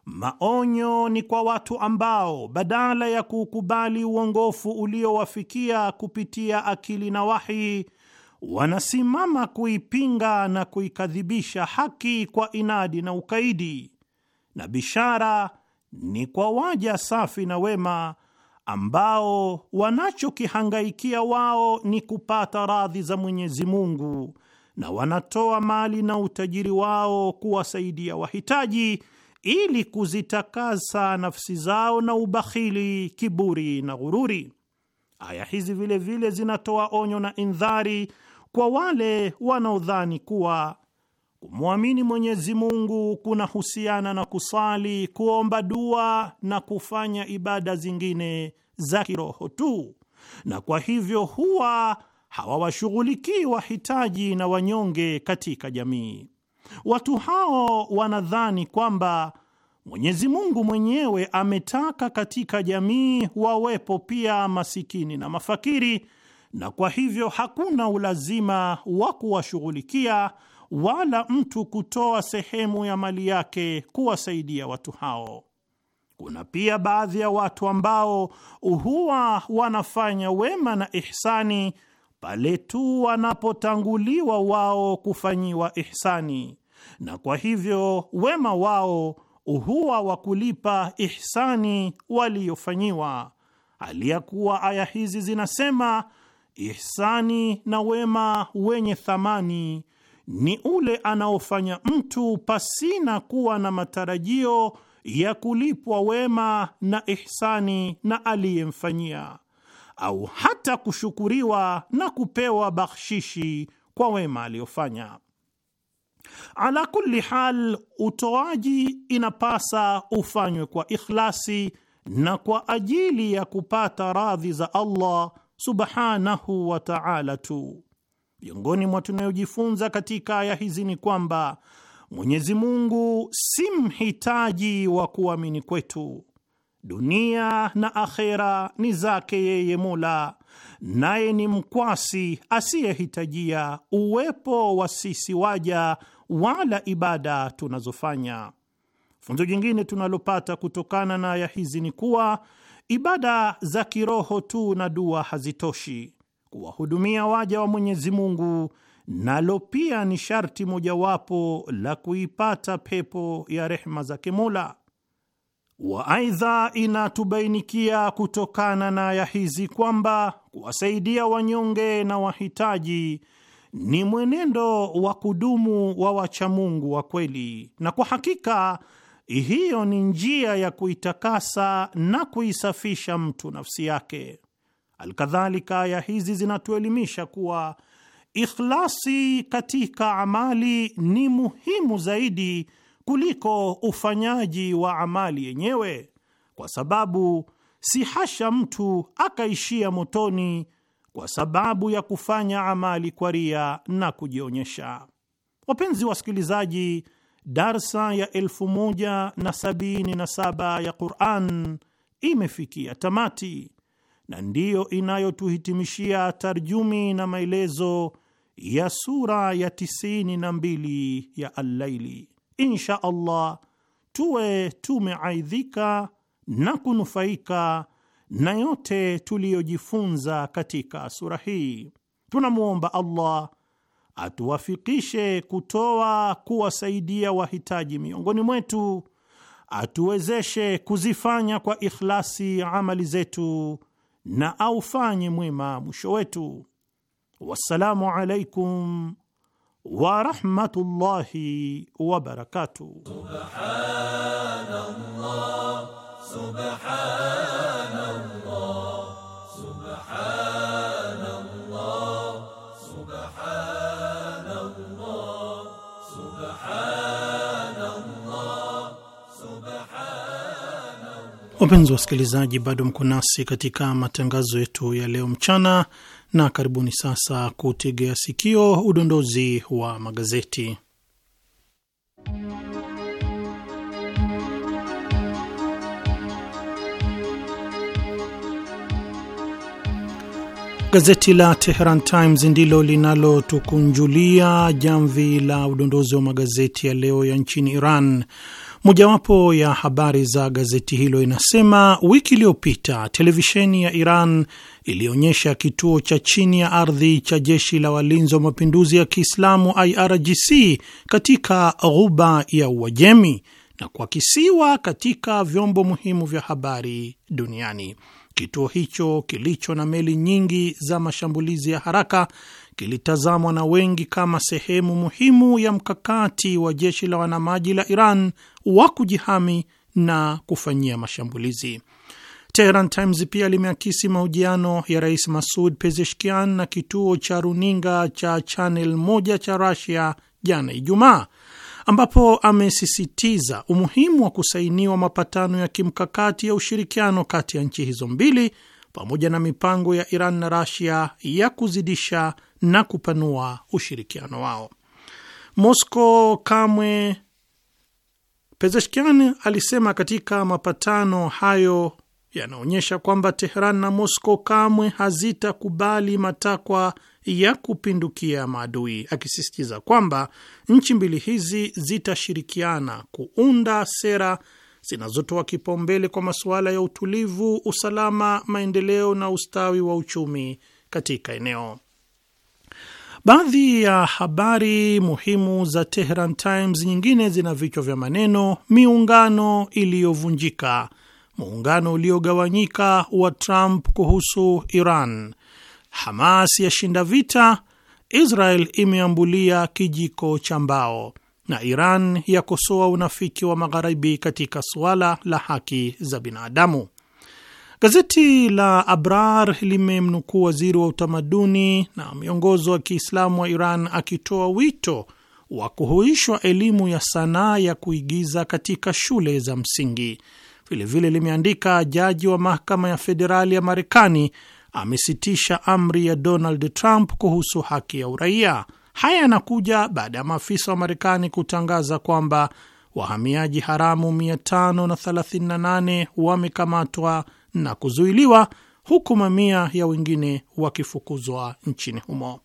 Maonyo ni kwa watu ambao badala ya kuukubali uongofu uliowafikia kupitia akili na wahi wanasimama kuipinga na kuikadhibisha haki kwa inadi na ukaidi, na bishara ni kwa waja safi na wema ambao wanachokihangaikia wao ni kupata radhi za Mwenyezi Mungu, na wanatoa mali na utajiri wao kuwasaidia wahitaji ili kuzitakasa nafsi zao na ubakhili, kiburi na ghururi. Aya hizi vilevile zinatoa onyo na indhari kwa wale wanaodhani kuwa kumwamini Mwenyezi Mungu kunahusiana na kusali, kuomba dua na kufanya ibada zingine za kiroho tu, na kwa hivyo huwa hawawashughulikii wahitaji na wanyonge katika jamii. Watu hao wanadhani kwamba Mwenyezi Mungu mwenyewe ametaka katika jamii wawepo pia masikini na mafakiri na kwa hivyo hakuna ulazima wa kuwashughulikia wala mtu kutoa sehemu ya mali yake kuwasaidia watu hao. Kuna pia baadhi ya watu ambao huwa wanafanya wema na ihsani pale tu wanapotanguliwa wao kufanyiwa ihsani, na kwa hivyo wema wao huwa wa kulipa ihsani waliyofanyiwa. Hali ya kuwa aya hizi zinasema ihsani na wema wenye thamani ni ule anaofanya mtu pasina kuwa na matarajio ya kulipwa wema na ihsani na aliyemfanyia au hata kushukuriwa na kupewa bakhshishi kwa wema aliyofanya. Ala kulli hal, utoaji inapasa ufanywe kwa ikhlasi na kwa ajili ya kupata radhi za Allah subhanahu wa ta'ala tu. Miongoni mwa tunayojifunza katika aya hizi ni kwamba Mwenyezi Mungu si mhitaji wa kuamini kwetu. Dunia na akhera ni zake yeye Mola, naye ni mkwasi asiyehitajia uwepo wa sisi waja wala ibada tunazofanya. Funzo jingine tunalopata kutokana na aya hizi ni kuwa Ibada za kiroho tu na dua hazitoshi. Kuwahudumia waja wa Mwenyezi Mungu nalo pia ni sharti mojawapo la kuipata pepo ya rehma za Mola wa. Aidha, inatubainikia kutokana na aya hizi kwamba kuwasaidia wanyonge na wahitaji ni mwenendo wa kudumu wa wachamungu wa kweli, na kwa hakika hiyo ni njia ya kuitakasa na kuisafisha mtu nafsi yake. Alkadhalika, aya hizi zinatuelimisha kuwa ikhlasi katika amali ni muhimu zaidi kuliko ufanyaji wa amali yenyewe, kwa sababu si hasha mtu akaishia motoni kwa sababu ya kufanya amali kwa ria na kujionyesha. Wapenzi wasikilizaji, darsa ya elfu moja na sabini na saba ya Quran imefikia tamati na ndiyo inayotuhitimishia tarjumi na maelezo ya sura ya tisini na mbili ya Allaili. Insha Allah tuwe tumeaidhika na kunufaika na yote tuliyojifunza katika sura hii. Tunamwomba Allah atuwafikishe kutoa kuwasaidia wahitaji miongoni mwetu, atuwezeshe kuzifanya kwa ikhlasi amali zetu, na aufanye mwema mwisho wetu. Wassalamu alaikum warahmatullahi wabarakatuh. Subhanallah, subhanallah. Wapenzi wasikilizaji, bado mko nasi katika matangazo yetu ya leo mchana, na karibuni sasa kutegea sikio udondozi wa magazeti. Gazeti la Teheran Times ndilo linalotukunjulia jamvi la udondozi wa magazeti ya leo ya nchini Iran Mojawapo ya habari za gazeti hilo inasema wiki iliyopita televisheni ya Iran ilionyesha kituo cha chini ya ardhi cha jeshi la walinzi wa mapinduzi ya Kiislamu IRGC katika ghuba ya Uajemi na kuakisiwa katika vyombo muhimu vya habari duniani. Kituo hicho kilicho na meli nyingi za mashambulizi ya haraka kilitazamwa na wengi kama sehemu muhimu ya mkakati wa jeshi la wanamaji la Iran wa kujihami na kufanyia mashambulizi. Tehran Times pia limeakisi mahojiano ya Rais Masud Pezeshkian na kituo cha runinga cha Channel moja cha rasia jana Ijumaa, ambapo amesisitiza umuhimu wa kusainiwa mapatano ya kimkakati ya ushirikiano kati ya nchi hizo mbili pamoja na mipango ya Iran na rasia ya kuzidisha na kupanua ushirikiano wao. Moscow kamwe Pezeshkian alisema katika mapatano hayo yanaonyesha kwamba Tehran na Moscow kamwe hazitakubali matakwa ya kupindukia maadui, akisisitiza kwamba nchi mbili hizi zitashirikiana kuunda sera zinazotoa kipaumbele kwa masuala ya utulivu, usalama, maendeleo na ustawi wa uchumi katika eneo. Baadhi ya habari muhimu za Tehran Times nyingine zina vichwa vya maneno: miungano iliyovunjika, muungano uliogawanyika wa Trump kuhusu Iran, Hamas yashinda vita, Israel imeambulia kijiko cha mbao, na Iran yakosoa unafiki wa Magharibi katika suala la haki za binadamu. Gazeti la Abrar limemnukuu waziri wa utamaduni na miongozo wa Kiislamu wa Iran akitoa wito wa kuhuishwa elimu ya sanaa ya kuigiza katika shule za msingi. Vilevile limeandika jaji wa mahakama ya federali ya Marekani amesitisha amri ya Donald Trump kuhusu haki ya uraia. Haya yanakuja baada ya maafisa wa Marekani kutangaza kwamba wahamiaji haramu 538 wamekamatwa na kuzuiliwa huku mamia ya wengine wakifukuzwa nchini humo.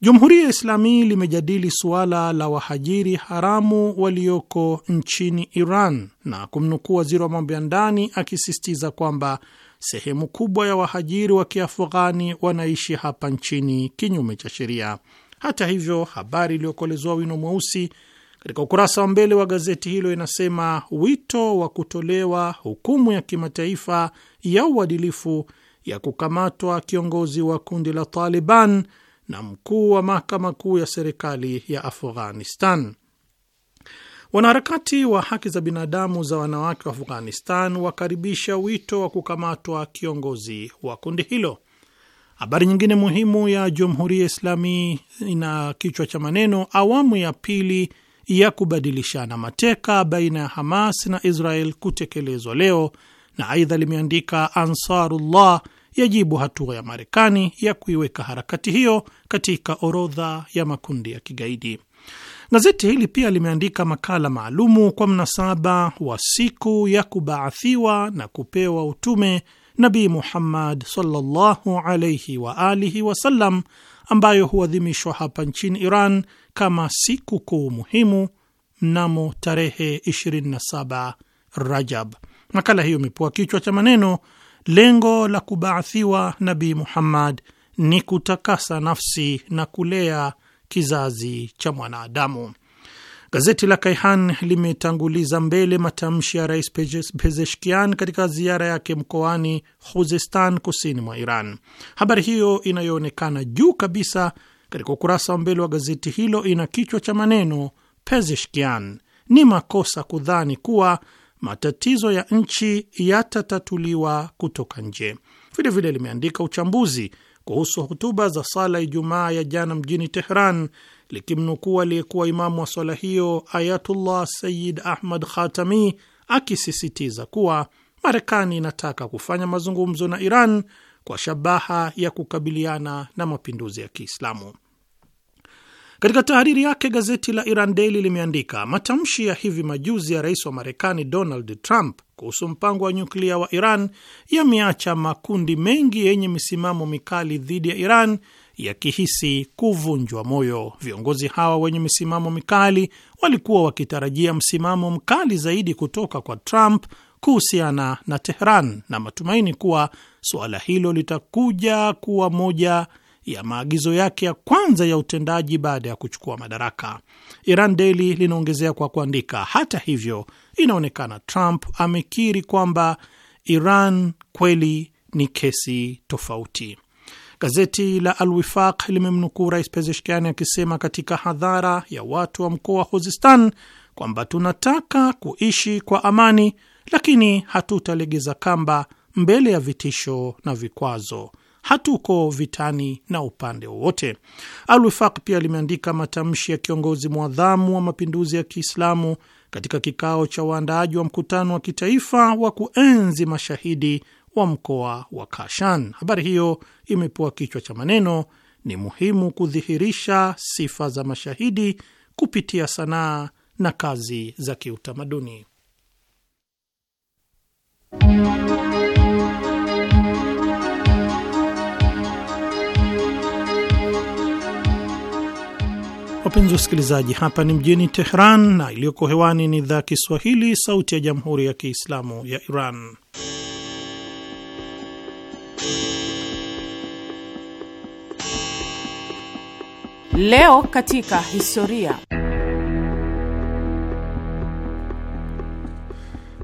jumhuria ya Islami limejadili suala la wahajiri haramu walioko nchini Iran na kumnukuu waziri wa mambo ya ndani akisisitiza kwamba sehemu kubwa ya wahajiri wa Kiafghani wanaishi hapa nchini kinyume cha sheria. Hata hivyo, habari iliyokolezwa wino mweusi katika ukurasa wa mbele wa gazeti hilo inasema wito wa kutolewa hukumu ya kimataifa ya uadilifu ya kukamatwa kiongozi wa kundi la Taliban na mkuu wa mahakama kuu ya serikali ya Afghanistan. Wanaharakati wa haki za binadamu za wanawake wa Afghanistan wakaribisha wito wa kukamatwa kiongozi wa kundi hilo. Habari nyingine muhimu ya jumhuria Islami ina kichwa cha maneno awamu ya pili ya kubadilishana mateka baina ya Hamas na Israel kutekelezwa leo, na aidha limeandika Ansarullah yajibu hatua ya Marekani ya kuiweka harakati hiyo katika orodha ya makundi ya kigaidi. Gazeti hili pia limeandika makala maalumu kwa mnasaba wa siku ya kubaathiwa na kupewa utume Nabii Muhammad sallallahu wsalam wa alihi wasallam, ambayo huadhimishwa hapa nchini Iran kama siku kuu muhimu mnamo tarehe 27 Rajab. Makala hiyo imepewa kichwa cha maneno lengo la kubaathiwa Nabii Muhammad ni kutakasa nafsi na kulea kizazi cha mwanadamu. Gazeti la Kaihan limetanguliza mbele matamshi ya Rais Pezeshkian katika ziara yake mkoani Khuzestan, kusini mwa Iran. Habari hiyo inayoonekana juu kabisa katika ukurasa wa mbele wa gazeti hilo ina kichwa cha maneno Pezeshkian, ni makosa kudhani kuwa matatizo ya nchi yatatatuliwa kutoka nje. Vilevile limeandika uchambuzi kuhusu hotuba za sala Ijumaa ya jana mjini Tehran, likimnukuu aliyekuwa imamu wa swala hiyo Ayatullah Sayyid Ahmad Khatami akisisitiza kuwa Marekani inataka kufanya mazungumzo na Iran kwa shabaha ya kukabiliana na mapinduzi ya Kiislamu. Katika tahariri yake, gazeti la Iran Daily limeandika matamshi ya hivi majuzi ya rais wa Marekani Donald Trump kuhusu mpango wa nyuklia wa Iran yameacha makundi mengi yenye misimamo mikali dhidi ya Iran yakihisi kuvunjwa moyo. Viongozi hawa wenye misimamo mikali walikuwa wakitarajia msimamo mkali zaidi kutoka kwa Trump kuhusiana na Tehran na matumaini kuwa suala hilo litakuja kuwa moja ya maagizo yake ya kwanza ya utendaji baada ya kuchukua madaraka. Iran Daily linaongezea kwa kuandika, hata hivyo, inaonekana Trump amekiri kwamba Iran kweli ni kesi tofauti. Gazeti la Al-Wifaq limemnukuu Rais Pezeshkiani akisema katika hadhara ya watu wa mkoa wa Khuzistan kwamba tunataka kuishi kwa amani lakini hatutalegeza kamba mbele ya vitisho na vikwazo. Hatuko vitani na upande wowote. Alwifaq pia limeandika matamshi ya kiongozi mwadhamu wa mapinduzi ya Kiislamu katika kikao cha waandaaji wa mkutano wa kitaifa wa kuenzi mashahidi wa mkoa wa Kashan. Habari hiyo imepewa kichwa cha maneno ni muhimu kudhihirisha sifa za mashahidi kupitia sanaa na kazi za kiutamaduni. Wapenzi wasikilizaji, hapa ni mjini teheran na iliyoko hewani ni idhaa Kiswahili sauti ya Jamhuri ya Kiislamu ya Iran. Leo katika historia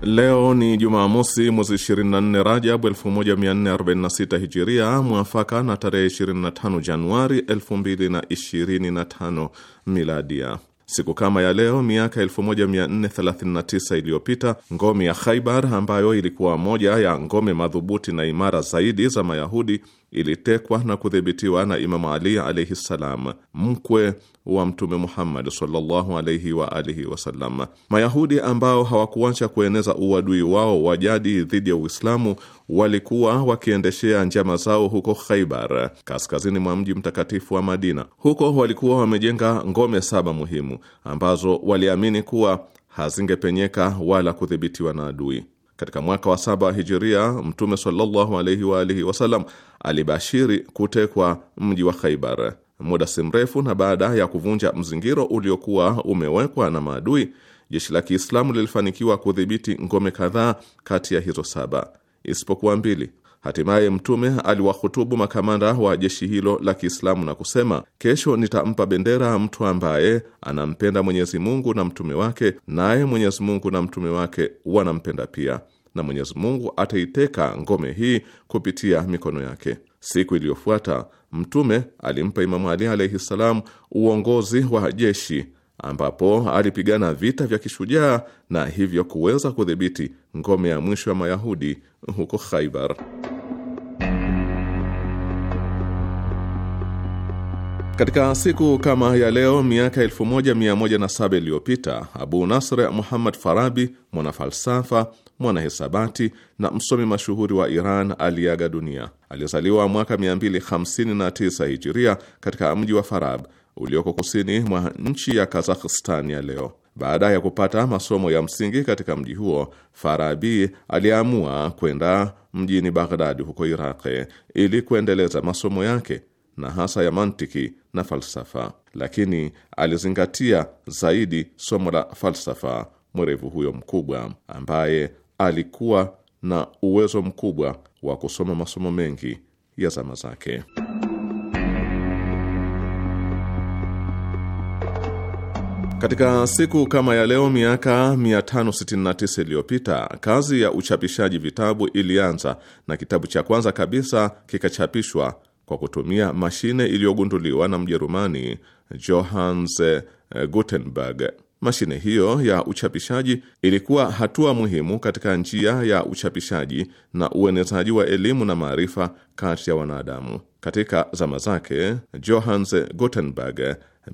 Leo ni Jumamosi, mwezi 24 Rajab 1446 Hijiria, mwafaka na tarehe 25 Januari 2025 Miladia. Siku kama ya leo miaka 1439 iliyopita ngome ya Khaibar ambayo ilikuwa moja ya ngome madhubuti na imara zaidi za Mayahudi ilitekwa na kudhibitiwa na Imamu Ali alaihi ssalam, mkwe wa Mtume Muhammad sallallahu alaihi wa alihi wasallam. Mayahudi ambao hawakuacha kueneza uadui wao wa jadi dhidi ya Uislamu walikuwa wakiendeshea njama zao huko Khaibar, kaskazini mwa mji mtakatifu wa Madina. Huko walikuwa wamejenga ngome saba muhimu ambazo waliamini kuwa hazingepenyeka wala kudhibitiwa na adui. Katika mwaka wa saba hijiria, Mtume sallallahu alaihi wa alihi wasallam alibashiri kutekwa mji wa Khaibar. Muda si mrefu na baada ya kuvunja mzingiro uliokuwa umewekwa na maadui, jeshi la Kiislamu lilifanikiwa kudhibiti ngome kadhaa kati ya hizo saba isipokuwa mbili. Hatimaye Mtume aliwahutubu makamanda wa jeshi hilo la Kiislamu na kusema, kesho nitampa bendera mtu ambaye anampenda Mwenyezi Mungu na mtume wake, naye Mwenyezi Mungu na mtume wake wanampenda pia na Mwenyezi Mungu ataiteka ngome hii kupitia mikono yake. Siku iliyofuata Mtume alimpa Imamu Ali alaihi ssalam uongozi wa jeshi ambapo alipigana vita vya kishujaa na hivyo kuweza kudhibiti ngome ya mwisho ya Mayahudi huko Khaibar. Katika siku kama ya leo miaka 1107 iliyopita Abu Nasr Muhammad Farabi, mwanafalsafa mwanahesabati na msomi mashuhuri wa Iran aliaga dunia. Alizaliwa mwaka 259 hijiria katika mji wa Farab ulioko kusini mwa nchi ya Kazakhstan ya leo. Baada ya kupata masomo ya msingi katika mji huo, Farabi aliamua kwenda mjini Baghdad huko Iraqi ili kuendeleza masomo yake na hasa ya mantiki na falsafa, lakini alizingatia zaidi somo la falsafa mwerevu huyo mkubwa ambaye alikuwa na uwezo mkubwa wa kusoma masomo mengi ya zama zake. Katika siku kama ya leo miaka 569 iliyopita kazi ya uchapishaji vitabu ilianza na kitabu cha kwanza kabisa kikachapishwa kwa kutumia mashine iliyogunduliwa na Mjerumani Johannes Gutenberg. Mashine hiyo ya uchapishaji ilikuwa hatua muhimu katika njia ya uchapishaji na uenezaji wa elimu na maarifa kati ya wanadamu. Katika zama zake, Johannes Gutenberg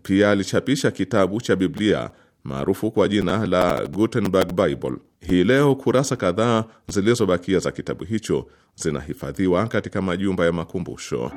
pia alichapisha kitabu cha Biblia maarufu kwa jina la Gutenberg Bible. Hii leo kurasa kadhaa zilizobakia za kitabu hicho zinahifadhiwa katika majumba ya makumbusho.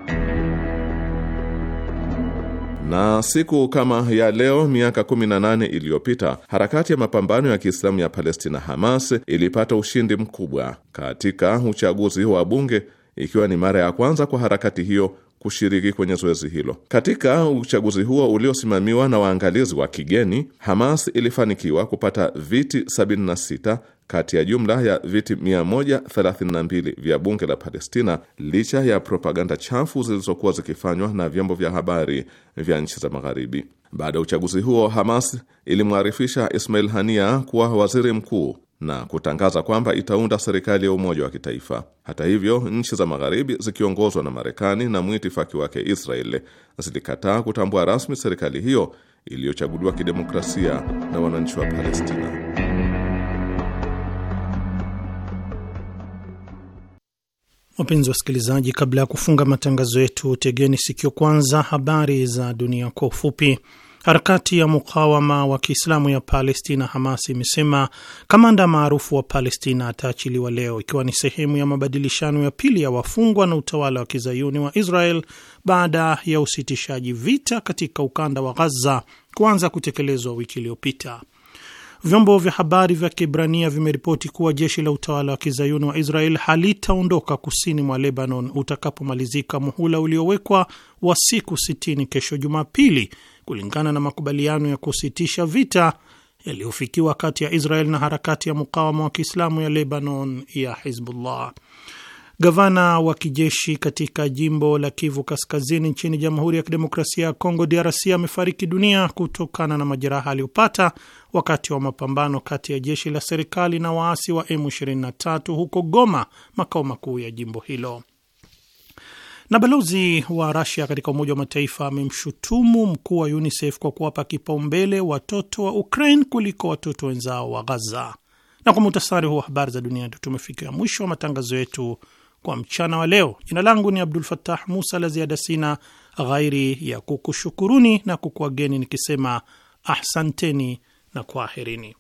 Na siku kama ya leo miaka 18 iliyopita harakati ya mapambano ya Kiislamu ya Palestina Hamas ilipata ushindi mkubwa katika uchaguzi wa bunge ikiwa ni mara ya kwanza kwa harakati hiyo kushiriki kwenye zoezi hilo. Katika uchaguzi huo uliosimamiwa na waangalizi wa kigeni, Hamas ilifanikiwa kupata viti 76 kati ya jumla ya viti 132 vya bunge la Palestina, licha ya propaganda chafu zilizokuwa zikifanywa na vyombo vya habari vya nchi za Magharibi. Baada ya uchaguzi huo, Hamas ilimwarifisha Ismail Hania kuwa waziri mkuu na kutangaza kwamba itaunda serikali ya umoja wa kitaifa. Hata hivyo, nchi za Magharibi zikiongozwa na Marekani na mwitifaki wake israel zilikataa kutambua rasmi serikali hiyo iliyochaguliwa kidemokrasia na wananchi wa Palestina. Wapenzi wasikilizaji, kabla ya kufunga matangazo yetu, tegeni sikio kwanza habari za dunia kwa ufupi. Harakati ya mukawama wa Kiislamu ya Palestina, Hamas, imesema kamanda maarufu wa Palestina ataachiliwa leo, ikiwa ni sehemu ya mabadilishano ya pili ya wafungwa na utawala wa kizayuni wa Israel baada ya usitishaji vita katika ukanda wa Ghaza kuanza kutekelezwa wiki iliyopita. Vyombo vya habari vya Kibrania vimeripoti kuwa jeshi la utawala wa kizayuni wa Israel halitaondoka kusini mwa Lebanon utakapomalizika muhula uliowekwa wa siku 60 kesho Jumapili, kulingana na makubaliano ya kusitisha vita yaliyofikiwa kati ya Israel na harakati ya mukawama wa Kiislamu ya Lebanon ya Hizbullah. Gavana wa kijeshi katika jimbo la Kivu Kaskazini nchini Jamhuri ya Kidemokrasia ya Kongo, DRC, amefariki dunia kutokana na majeraha aliyopata wakati wa mapambano kati ya jeshi la serikali na waasi wa M23 huko Goma, makao makuu ya jimbo hilo. Na balozi wa Rasia katika Umoja wa Mataifa amemshutumu mkuu wa UNICEF kwa kuwapa kipaumbele watoto wa Ukraine kuliko watoto wenzao wa Gaza. Na kwa muhtasari huu wa habari za dunia, ndio tumefikia mwisho wa matangazo yetu kwa mchana wa leo. Jina langu ni Abdul Fattah Musa. La ziada sina ghairi ya kukushukuruni na kukuageni nikisema ahsanteni na kwaherini.